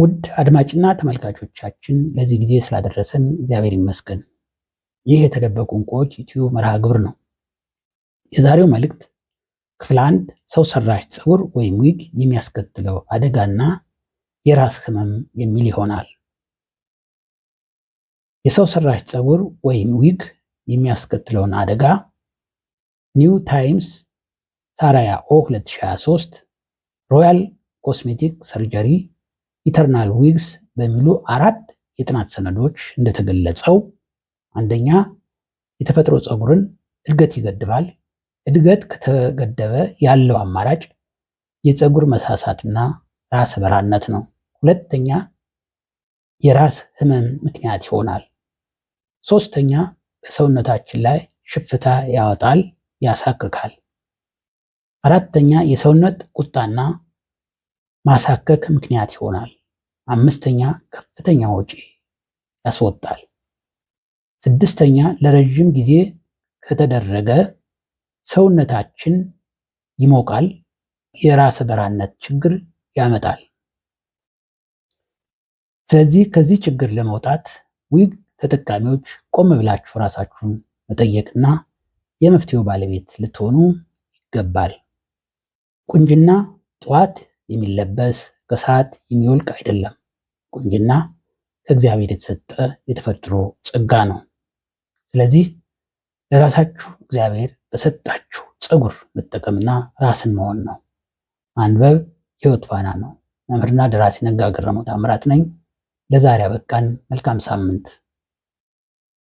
ውድ አድማጭና ተመልካቾቻችን ለዚህ ጊዜ ስላደረሰን እግዚአብሔር ይመስገን። ይህ የተደበቁ እንቁዎች ዩቲዩብ መርሃ ግብር ነው። የዛሬው መልእክት ክፍል አንድ ሰው ሰራሽ ፀጉር ወይም ዊግ የሚያስከትለው አደጋና የራስ ህመም የሚል ይሆናል። የሰው ሰራሽ ፀጉር ወይም ዊግ የሚያስከትለውን አደጋ ኒው ታይምስ ሳራያ ኦ 2023 ሮያል ኮስሜቲክ ሰርጀሪ ኢተርናል ዊግስ በሚሉ አራት የጥናት ሰነዶች እንደተገለጸው አንደኛ የተፈጥሮ ፀጉርን እድገት ይገድባል። እድገት ከተገደበ ያለው አማራጭ የፀጉር መሳሳትና ራስ በራነት ነው። ሁለተኛ የራስ ህመም ምክንያት ይሆናል። ሶስተኛ በሰውነታችን ላይ ሽፍታ ያወጣል፣ ያሳክካል። አራተኛ የሰውነት ቁጣና ማሳከክ ምክንያት ይሆናል። አምስተኛ ከፍተኛ ወጪ ያስወጣል። ስድስተኛ ለረዥም ጊዜ ከተደረገ ሰውነታችን ይሞቃል፣ የራስ በራነት ችግር ያመጣል። ስለዚህ ከዚህ ችግር ለመውጣት ዊግ ተጠቃሚዎች ቆም ብላችሁ ራሳችሁን መጠየቅና የመፍትሄው ባለቤት ልትሆኑ ይገባል። ቁንጅና ጠዋት የሚለበስ ከሰዓት የሚወልቅ አይደለም። ቁንጅና ከእግዚአብሔር የተሰጠ የተፈጥሮ ጸጋ ነው። ስለዚህ ለራሳችሁ እግዚአብሔር በሰጣችሁ ጸጉር መጠቀምና ራስን መሆን ነው። ማንበብ ህይወት ፋና ነው። መምህርና ደራሲ ነጋ ገረመው ታምራት ነኝ። ለዛሬ አበቃን። መልካም ሳምንት